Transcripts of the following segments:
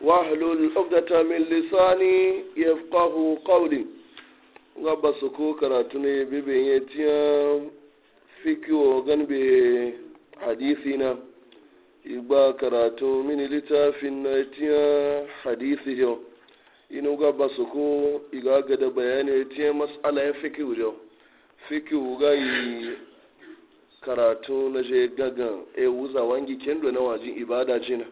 wahlul uqdata min lisani yafqahu qawli gaba su ko karatu ne bibin ya tiya fikiyo gan be hadisi na igba karatu mini littafin na tiya hadisi yau inu gaba su ko iga gada bayani ya tiya mas'ala ya fikiyo yau fikiyo ga yi karatu na je gagan e wuza wangi kendo na wajin ibada jina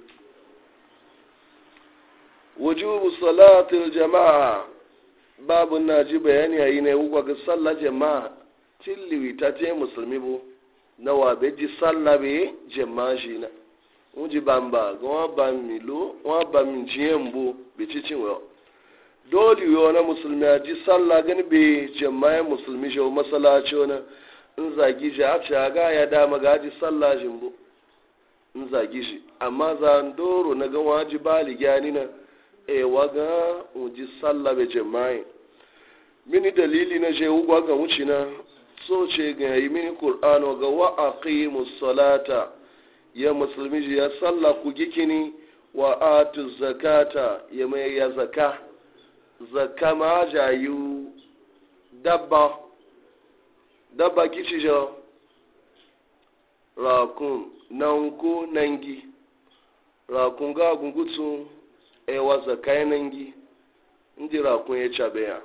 wujubu salatil jama'a babu na ji bayani a na yi ga jama'a tilliwi ta ce musulmi bu na wa be ji sallah be jama'a shi na wuji bamba ga na musulmi a ji sallah gani be jama'a musulmi shi in zagi shi a ya dama ji sallah shi in zagi shi amma na waji na e uji sallah be jama'i mini dalili na je ugwa ga wuci na so ce ga yi mini qur'ano ga wa aqimu salata ya musulmi ya sallah ku gikini wa atu zakata ya mai ya zaka zaka ma jayu dabba dabba kici jo rakun nanku nangi rakun ga gungutsu ewa tsakanin gi ndira kun ya cabe ya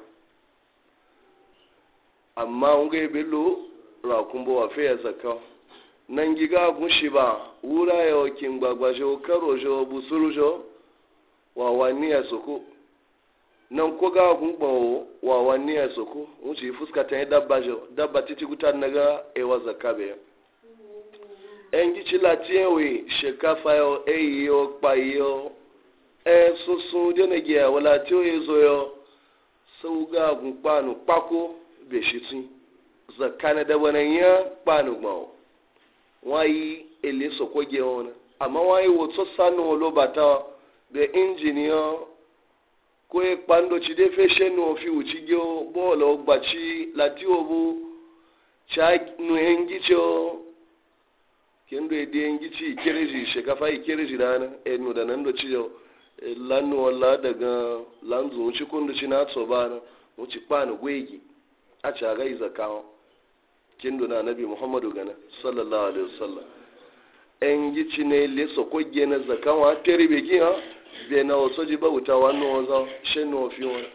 amma nga ebe lo rakun bo wafe ya zaka nan gi ga kun shi ba wura ya wakin gbagbajo karo jo busuru jo wani ya soko nan ko ga kun wa wani ya soko wuce fuska ta yi dabba jo dabba titi guta na ga ewa zaka be en gi ci lati ewe shekafa yo eyi pa yo e soso dena giya wala ti o yezo yo sau ga kpanu kpako be shi tun zakana da wani ya kpanu gbawo wayi ele soko giya wani amma wayi sanu lo bata be injiniya ko e kpando ci de fe she nu fi uci lati obu cha nu engi shekafa i kereji lanu wala daga lanzu wuci kundu ci na tso ba na wuci kpani gwegi a ci a gaiza kawo kindu na nabi muhammadu gana sallallahu alaihi wasallam en gi ci ne le so ko gena zakan wa tere be gi ha be na o soji ba wuta wa no zo she no fi won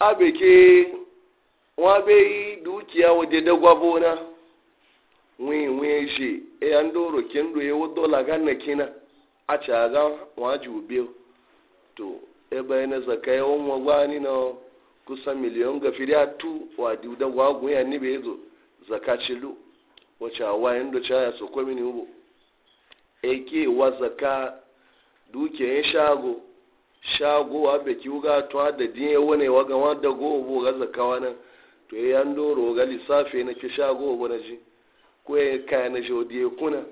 abe ke wa be yi dukiya wa de dagwa bona wi wi shi e an doro kendo ye wo dola ganna kina a cagan waji ube to ebe na zaka yawan wagwani na kusan miliyon ga fili a tu wa diuda wagun ya ni bai zo zaka cilu wacce a wayan da caya su kwami mini ubo ake e wa zaka yin shago shago wa beki wuga to da diye wane wa ga wanda go bo ga zaka wannan to e yan doro ga lissafi na ki shago bo na ji ko ya kayan na jodiye kuna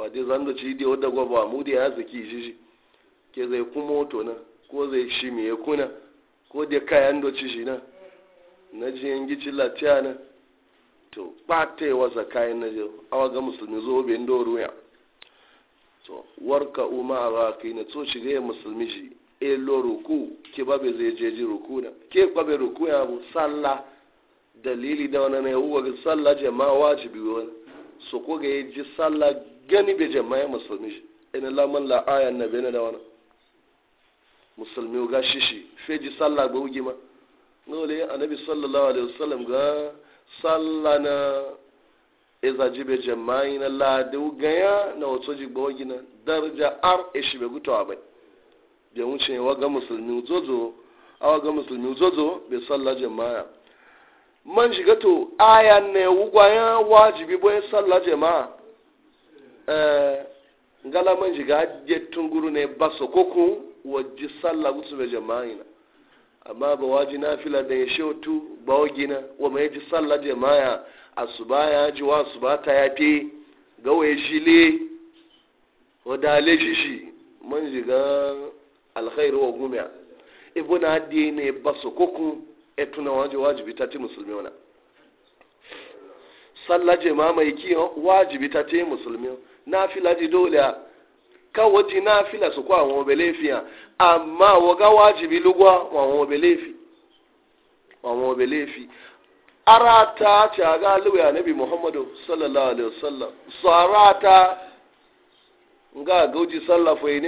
waje zan da cidi wadda gwaba mu da ya zaki jiji ke zai kuma moto na ko zai shi mai ya kuna ko da kayan do ci shi na na ji yangi ci latiya na to ɓata yi wasa kayan na ji awa ga musulmi zo bai ndo ruwa to warka uma a ba kai na to shiga ya musulmi shi e ruku ke ba bai zai je ji ruku na ke ba bai ruku ya bu sallah dalili da wani na yawuwa ga sallah jama'a wajibi wani so ko ga ya ji sallah gani bai jama'a musulmi shi ina laman la na bai na da wani musulmi ga shishi feji sallah ga wuge ma ngole annabi sallallahu alaihi wasallam ga sallah na iza jibe yi na la da gaya na wato jigba wuge na darja ar shi bai gutu abai bai wuce wa ga musulmi zozo awa ga musulmi zozo bai sallah jama'a man shiga to ayan ne wugwayan wajibi bai sallah jama'a Eh, ngala man jiga je tunguru ne baso koku waji sallah gutsu be jama'ina amma ba waji nafila da shautu ba gina wa mai ji sallah jama'a asuba ya ji wa asuba ta yafi ga waye shile wa dale shi man jiga alkhairu wa gumiya ibuna adi ne baso koku etuna waje wajibi ta ti musulmi wana sallah jama'a mai kiyo wajibi ta ti musulmi náfìlà ti dóòlì à káwọ́ ti náfìlà sọ́kọ́ àwọn ọbẹ̀ léèfì a àmọ́ àwọn káwọ́ àjìbí lógún àwọn ọbẹ̀ léèfì àwọn ọbẹ̀ léèfì ara ta ti àga lóye muhammadu sallallahu alayhi wa sallam sọ ara ta nga àgọ́jì sallah fún yìí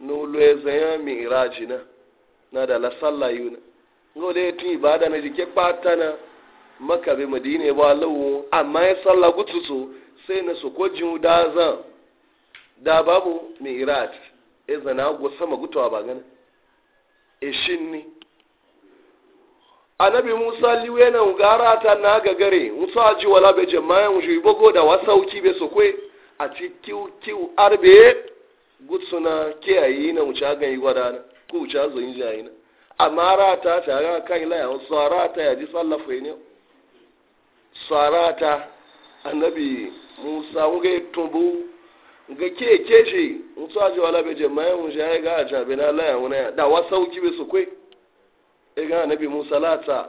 ni ó ní yẹn mi ìrà na náà dàlá sallah yìí náà nga olú tún ìbáadà náà jìkẹ́ náà sai na jiwu da zan da babu mai e zana go sama gutawa ba gana e shin ni anabi musa liwe na ugara ta na gagare musa ji wala be jama'a mu ji bogo da wasauki be sokwe a ci kiu kiu arbe gutsuna ke ayi na mu ca gan gwada na ko mu ca zo yin jayi na amma rata ta ga kai la ya sarata ya ji sallafa ne sarata annabi musa nge tubu nge keke shi nso aji wala beje mayan wunshi ya ga aja bi na laya wuna ya da wasa wuki bi su kwe e musa lata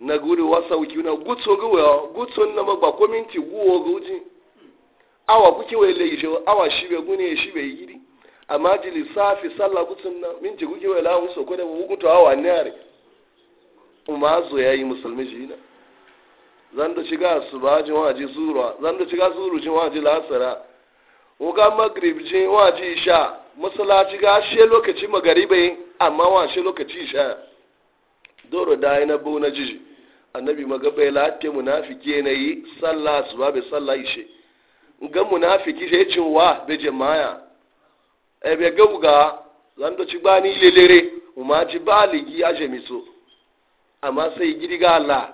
na gudu wasa wuki na gutsu guwe ya gutsu na magba ko minti guwo guji awa kuke wai lai shi awa shibe be gune yiri amma ji lissafi sallah gutsun na minti kuke wai la wuso ko da wugutu awa ne are ya yayi musulmi jina zanda da shiga asuba jin waji zuruwa zan shiga zuru jin waji lasara uga magrib jin waji isha masallaci ga she lokaci magaribe amma wa she lokaci isha doro da ina bu na jiji annabi magabe latte munafiki ne yi sallah asuba be sallah ishe ga munafiki she jin wa be jama'a e be ga zanda ci gbani lelere umaji baligi ajemiso amma sai gidiga Allah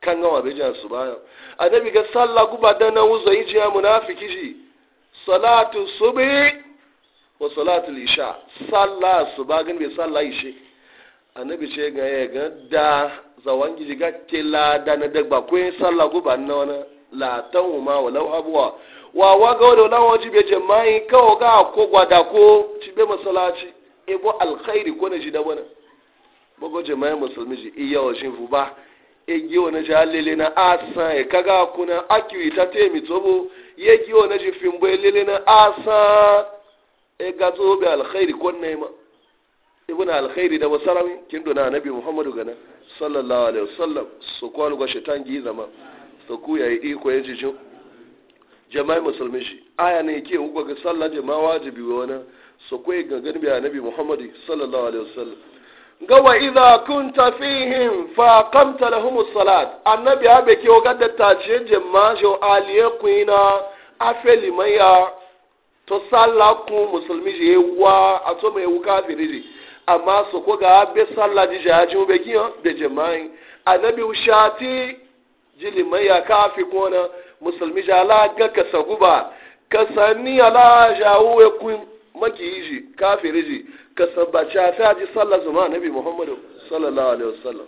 kan gawa bai jiya su bayan annabi ga sallah guba da nan wuzo yi jiya munafiki ji salatu subi wa salatu isha sallah su ba gani bai sallah ishe annabi ce ga ya ga da zawan giji ga tela da na dagba ko yin sallah guba na wani latan wa lau abuwa wa wa ga wani wani waji bai jama'i kawo ga ko gwada ko ci bai masalaci ebo alkhairi ko na ji da wani bago jama'i musulmi ji iya wa shi ba egi wona ji alele na asan e kaga kuna akiwi tate mi tobo yegi wona ji fimbo elele na asan e gato be alkhairi konne ma e na alkhairi da wasarami kin dona nabi muhammadu gana sallallahu alaihi wasallam su kwalu ga shaitan gi zama su ku yayi iko yaji jin jama'i musulmi shi aya ne ke hukuka ga sallah jama'a wajibi wona su kai ga ganbi annabi muhammadu sallallahu alaihi wasallam gawa wa kun kunta fihim fa qamta lahum as-salat annabi abe ke o gadda ta ce ma jo aliye kuina afeli maya to sallah ku musulmi je wa ato mai wuka firiri amma so ko ga be sallah ji jaji be kiyo je mai annabi ushati jili maya kafi kona musulmi jala ga kasaguba kasani ala jawo e kun makiyi kafiri ji ka sabbaci a ta ji sallah zuma nabi muhammadu sallallahu alaihi wasallam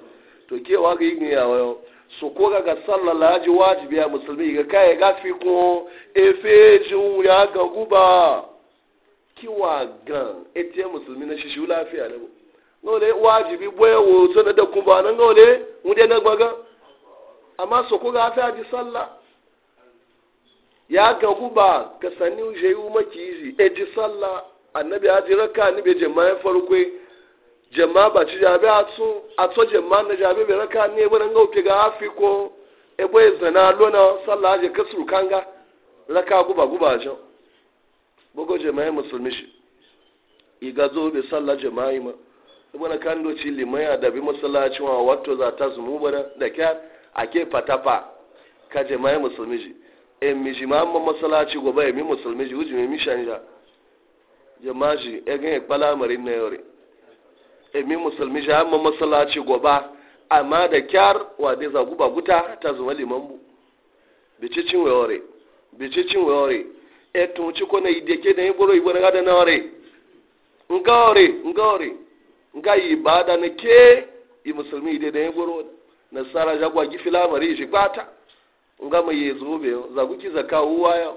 to ke wa ga yin yawa yau su ko ga ga sallah laji wajibi ya musulmi ga kai ga fi ko efe jin ya ga guba kiwa gan ete musulmi na shi shi lafiya ne ngole wajibi boye wo so da kuma nan ngole mu dai na gbaga amma su ko ga ta ji sallah ya ga guba ka sani uje yi maki izi e ji sallah annabi ya ji raka ni be jama'a farko jama'a ba ci jabe a tso a tso jama'a na jabe be raka ne ba nan gauke ga afi ko e boye zana lona sallah je kasuru kanga raka guba guba jo bogo jama'a musulmi shi iga zo be sallah jama'a ma ibana e, kan do ci limaya da bi masallaci wa wato za ta zumu bana da kyar ake fatafa ka jama'a musulmi shi emi shi ma amma masalaci gobe emi musulmi shi ujime mi shanja jama'a shi egin ikpala amarin na yore emi musulmi shi amma masalaci gobe amma da kyar wa dai zagu ba guta ta zuma liman bu bicicin wayore bicicin wayore e tun ci ko na ideke da iboro iboro ga da na wore nga wore nga wore nga ibada na kee i musulmi ide da iboro na sara jagwa gifila mari shi bata ngama yezu be za guki zaka uwaya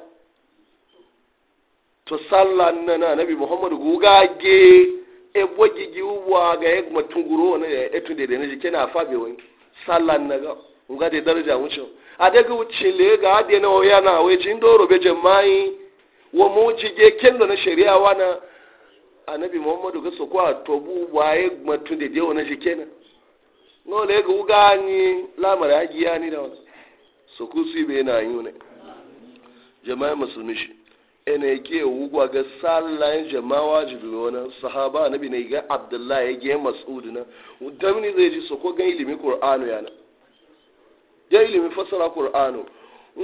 to sallan na na nabi muhammadu gugage e boji giwa ga e matunguro na e, e tunde de ne kena fabe wani sallan na ga nga de daraja wucho ade ga uchile ga ade na oya na we jindoro be jemai wo muji ge kendo na sharia wana anabi muhammadu ga sokwa tobu wa e matunde de wona shi na no le ga ugani lamara agiya ni da wani so ku si be na yi ne jama'a musulmi shi ina yake wugwa ga sallan jama'a wajibi wani sahaba nabi ne ga abdullahi ya ge mas'ud na damni zai ji so ko ga ilimi qur'anu yana ya ilimi fasara qur'anu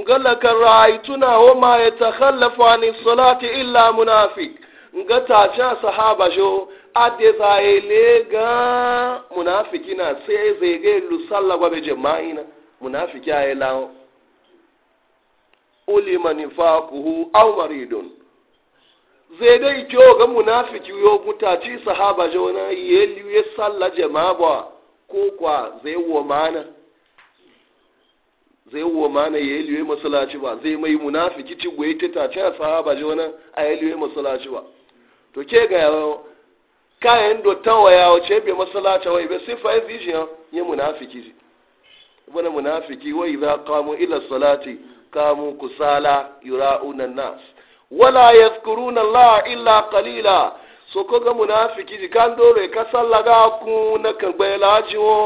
ngala kan ra'aytuna wa ma yatakhallafu an salati illa munafiq nga ta sahaba jo ade zaile e ga munafiki na sai e zai ga lusalla gwa be jama'ina munafiki ayi e lawo ulima nifaquhu aw maridun zai dai kyo ga munafiki yo mutaci sahaba jona yeli ya salla jama'a ba ko kwa zai wo mana zai wo mana yeli ya masallaci ba zai mai munafiki ci goyi ta tace sahaba jona a yeli ya masallaci ba to ke ga kayan do ya wace be masallaci wai be sifa yi jiyan ya munafiki wani munafiki qamu ila salati kamu kusala yura'una nas wala yadhkuruna Allah illa qalila so ko ga munafiki ji kan dole ka sallaga ku na kan bayla jiwo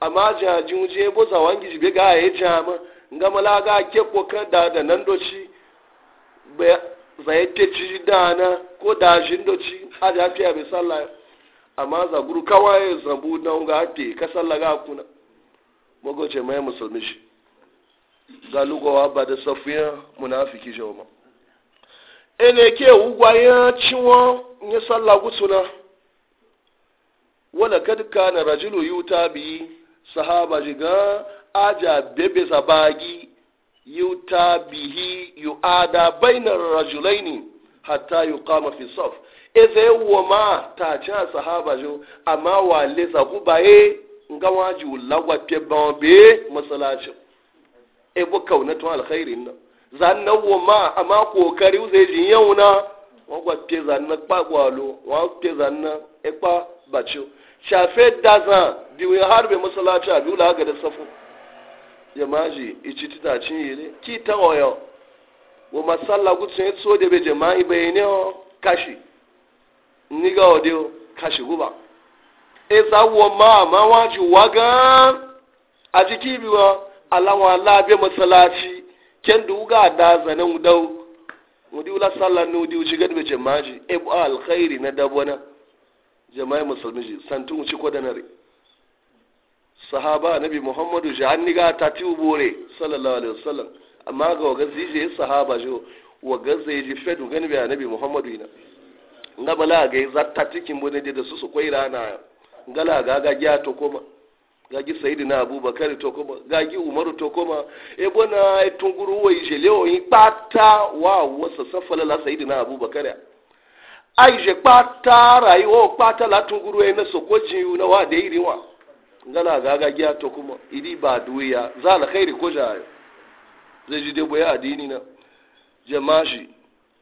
amma jajin je bo zawangi ji be ga ya e jama ngama la ga ke ko kan da da nan doci be zai e te ci dana ko da jin doci a da fiya be sallaga amma zaguru kawai e zabu na ga te ka sallaga ku na magoce mai musulmi shi galugowa ba da safiya munafiki jau ba ene ke ugwayen ciwo ya sallah gutsuna wala kad kana rajulu yuta bi sahaba jiga aja bebe sabagi yuta bihi yuada baina rajulaini hatta yuqama fi saf eze wo ta cha sahaba jo ama wale sakubaye nga waji ulagwa pe ban be e eh, bo kaunatun alkhairin na zanna wo ma ama kokari uze jin yau na wọn gba pie zanna kpa gwalo wọn pie zanna e kpa bacho shafe dazan diwe harbe masalaci a dula ga da safu jamaji ichi tita cin yire ki ta oyo wo masalla ku tun so da be jama'i ne o kashi ni ga o kashi guba e za wo ma ma waji waga a jiki wa. alawa labe masalaci ken duga da zanen dau wadi ula sallar ne wadi wuce gadi bai jama'aji ebu alkhairi na dabwana jama'i musulmi ji santun wuce kwadanare sahaba nabi muhammadu jahanni ga ta ti ubore sallallahu alaihi wasallam amma ga waga zije sahaba jo waga zai ji fedu gani bai nabi muhammadu ina nga bala ga zatta cikin bone da su su koira na ngala ga ga gya to koma gagi sayidina abubakar to koma gagi umaru to koma ebo na etunguru wo ijele oyin pata wa wo sasafala la sayidina abubakar aije pata rai wo pata la tunguru ene sokoji na wa de iri wa ngala ga gagi to koma idi ba duya za la khairi ko jayo zai ji debo ya adini na jama'i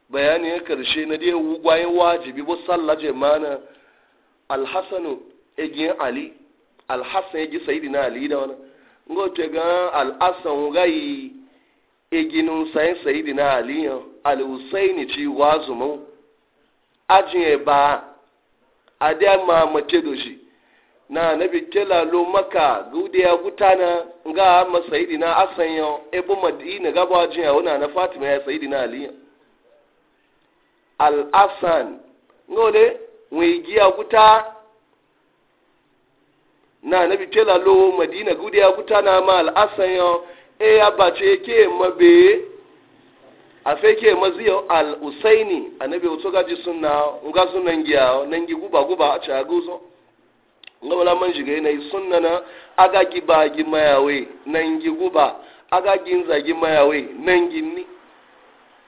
bayani ya karshe na dai wugwaye wajibi bo sallaje mana alhasanu egin ali alhassan ya ji na aliyu da wani ngo te ga alhassan gai eginin sayin na ali ya alhusaini ci wazumu ajin e ba ade ma mace doshi na na nabi kela lo maka gude ya na nga ma na asan ya ebo madina ga ba ajin ya na fatima ya sayidi na ya al-asan ngole nwe igi aguta na nabi tela lo madina gudi ya kutana ma al'asan yo e ya bace ke mabe a fe ke maziyo al usaini annabi wato gaji sunna nga sunan giya nan gi guba guba a ci aguzo nga wala man shiga yana yi sunna na aga gi ba gi mayawe nan gi guba aga gi nza gi mayawe nan gi ni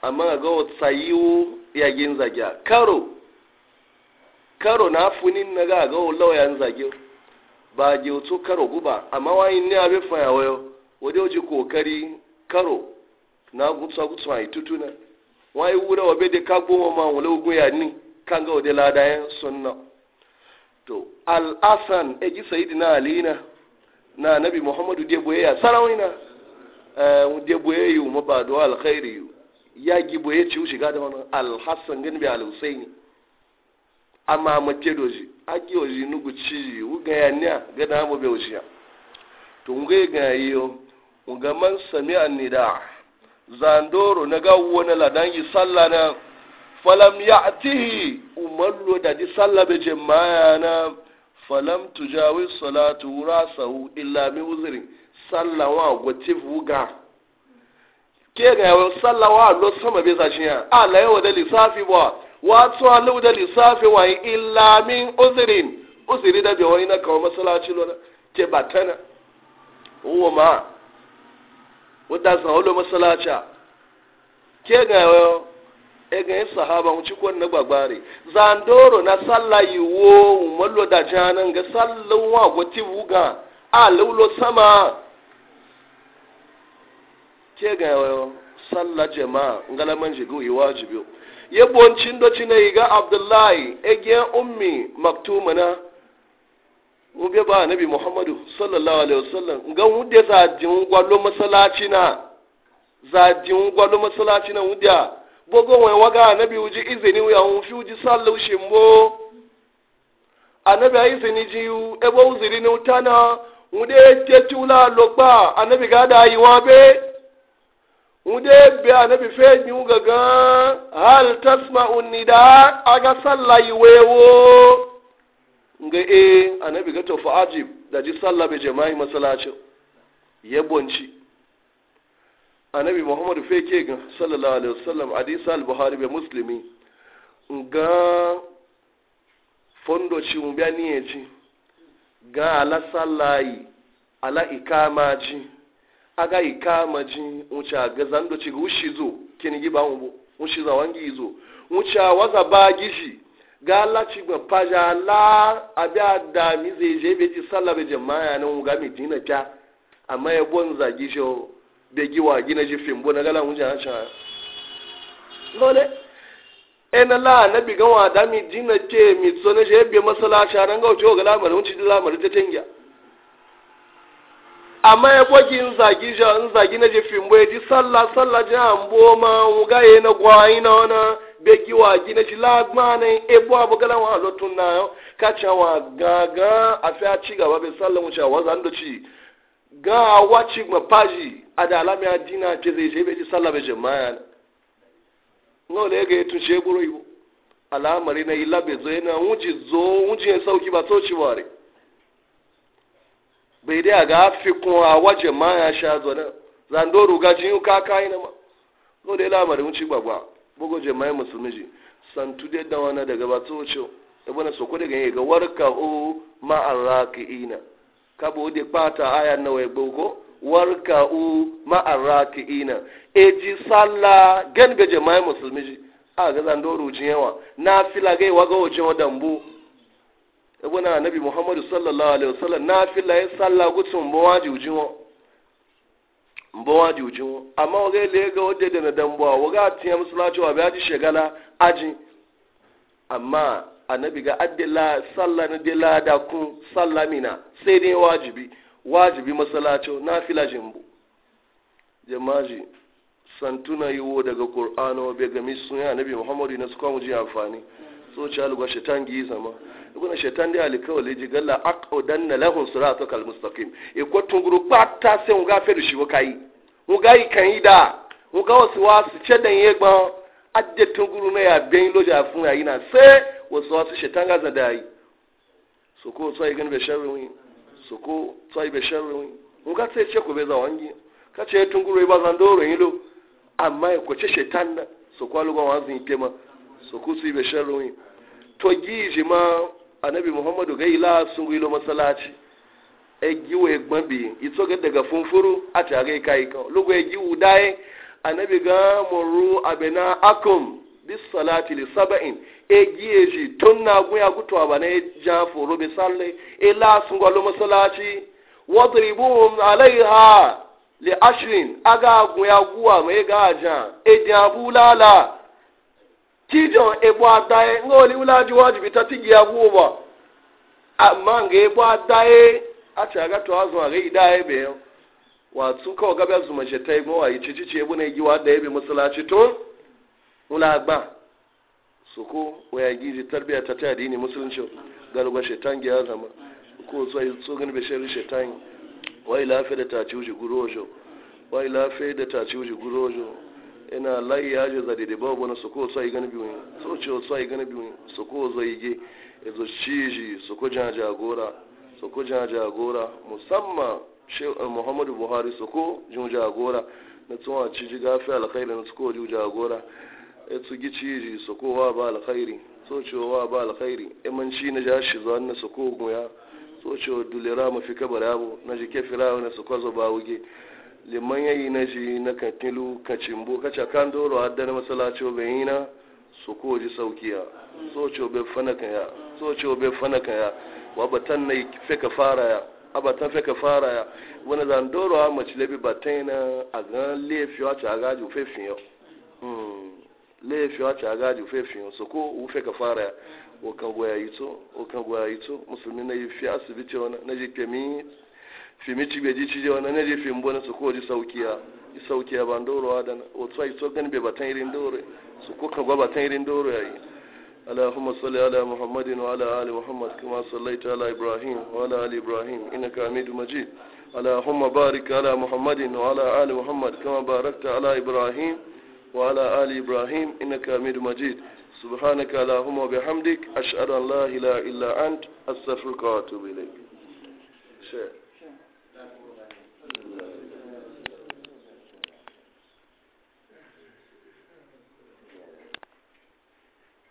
amma ga wata yiwu ya gi nza karo karo na funin na ga ga wala ya nza gi bage otu karo guba amma wayin ne wee fayawayo wadda oji kokari karo na gutsa gutsa a tutuna wayi wura wa da ka goma ma wala ugun ya ni kan ga wadda ladayen sunna to al'asan eji sayidina alina na nabi muhammadu de boye ya na eh de boye yu mabadu alkhairi ya gi boye ci shiga da wannan alhasan gani bi ama mace doji aki zi nugu wu gã ya nia ga na mu be oji to ngai yi yo uga man sami annida zandoro na ga wona yi sallah na falam ya'atihi umallo da di sallah be jama'a na falam tujawiz salatu rasahu illa bi uzrin salla wa gotif uga ke ga salla wa lo sama be la ala wo da lisafi ba wato alu da lissafi wa illa min uzirin uziri da bai na kawo masalaci lona ke batana uwa ma wadda san olo masalaca ke ga yo e yin sahaba mu cikon na gbagbari zandoro na salla wo mallo da janan ga sallan wa goti buga a lulo sama ke ga yo sallah jama'a ngalaman jigo yi yeboncin da cine ga abdullahi ege ummi maktumana ube ba nabi muhammadu sallallahu alaihi wasallam ga wude za jin gwalo masalaci na za gwalo masalaci na wude bogo wai waga nabi uji izini ya hun fi uji sallu shimbo anabi a izini ji ebo uziri ni utana wude tetula lokpa anabi ga da yi wa be mude be anabi fe muga ga hal tasma'u nida aga sallayi wewo nga e anabi ga to fa ajib da ji salla be jama'i masalacin ya bonci anabi muhammadu ke ga sallallahu alaihi wasallam hadisi al-buhari be muslimi nga fondo ci mu biya ga ala sallayi ala ikama ci aga ika maji wuce ga zando ci ga kini giba ba ushiza wushi za wangi zo wuce waza ba gala ga paja la abia da mi zai je beje maya na be jama'a ga dina ta amma ya bonza za gishi be wa gina ji fimbo na gala unja acha lole ena la na bi ga wa da mi dina te mi so na je be masalacha nan ga wuce ga lamarin wuce lamarin ta tengiya amma ya gwagi nzagi ja nzagi na je fimbo ji sallah sallah ja ambo ma wuga ye na na ona begi wa gi na ji lagma ne ebo abugala wa lotun na yo kacha wa ga afi a ci gaba be sallah mu cha wa zando ci ga wa ci ma paji ada alami adina ce zai je be ji sallah be jama'a no le ga tun she guro ala alamari na ilabe zo yana wuji zo wuji sauki ba so ci bare bai a ga fi kun a waje ma ya sha zana zando ruga jin ka kai na ma no dai lamarin ci gbagba bugo je mai musulmi ji santu dai da wani daga ba to ce ibn soko daga yi ga warka u ma arraqiina kabo de pata aya na we bugo warka u ma arraqiina eji salla gan ga je mai musulmi ji a ga zando rujin yawa na fila ga wa ga wajen wadan ebona annabi muhammadu sallallahu alaihi wasallam na fila ya salla gutsun mbawa jiwjin wa mbawa jiwjin wa amma waga ile ga wadda da na dambuwa waga tiya musulaci wa biya ji shagala aji amma annabi ga addila salla na dila da kun salla mina sai dai wajibi wajibi masalaci na fila jimbu jamaji santuna yiwo daga qur'ano bai gami sun yi annabi muhammadu na su kwamu ji amfani so ci aluga shaitan gi zama ibn shaitan dai alikawali ji galla aqudanna lahum siratal al mustaqim e ko tunguru pata se ga fe shi wakai kai ga yi kan ida ga wasu wasu cedan ye gbon adde tunguru na ya ben loja fun ya ina se wasu wasu shaitan ga zada yi so ko so gan be sharri so ko so be sharri ga se che ko be za wangi ka ce tunguru ba ro yin lo amma ko ce shaitan so ko aluga zin tema su ibe be sharruin to giji ma anabi muhammadu ga ila sun guilo masalaci e giwe gbambi ito ga daga funfuru a ta gai kai ka lugo e giwu dai ga muru abena akum bis salati li sab'in e giyeji tun na guya gutwa bana e ja foro be salle e la sun guilo masalaci wadribuhum alaiha li ashrin aga guya guwa mai ga ajan e abulala tijon ebo adaye nga oli ulaji wajibi tatigi ya guba amma nge ebo adaye acha ga to azu idaye be watu ko ga ba zuma je tai mo ayi cici ce bune gi wa da yabe musulaci to mula ba suku waya gizi tarbiya ta ta dini musulunci galuba shetan ya zama ko so yi tsogin be shari shetan wai lafiya da ta ci uji gurojo wai lafiya da ta ci uji gurojo ina lai ya je zade da babu wani suko so yi gani biyu so ce so yi gani biyu suko zai ge ezo shiji soko jan jagora soko jan jagora musamman eh, muhammadu buhari suko jaja gora na tsohon ciji gafi alkhairi na soko jin jagora etu ji suko wa ba alkhairi so ce wa ba alkhairi imanci na ja shi zuwa na suko goya so ce dulera mafi kabar yabo na jike firawa na suko zo ba wuge liman yayi na shi na kankilu kacin kaca kan doro haddana masalaci obe yina su ko ji saukiya so ce obe fanaka ya so ce obe fanaka ya wa batan na ka fara ya abatan ka fara ya wani zan doro a mace labi batan yana a gan lefi wace a gaji ufefin yau hmm, lefi wace a gaji ufefin yau so ko ufe ka fara ya wakan goya yi to goya yi to musulmi na yi fi asibiti wani na ji kemi fimi cibe ji cije wannan ne fim bone su kodi saukiya i saukiya ban doro ada o tsai so gan be irin doro su ko ka tan irin doro yayi allahumma ala muhammadin wa ala muhammad kama sallaita ala ibrahim wa ala ali ibrahim innaka hamidu majid allahumma barik ala muhammadin wa ala muhammad kama barakta ala ibrahim wa ala ali ibrahim innaka hamidu majid سبحانك اللهم وبحمدك أشهد أن لا إله إلا أنت أستغفرك وأتوب إليك شير.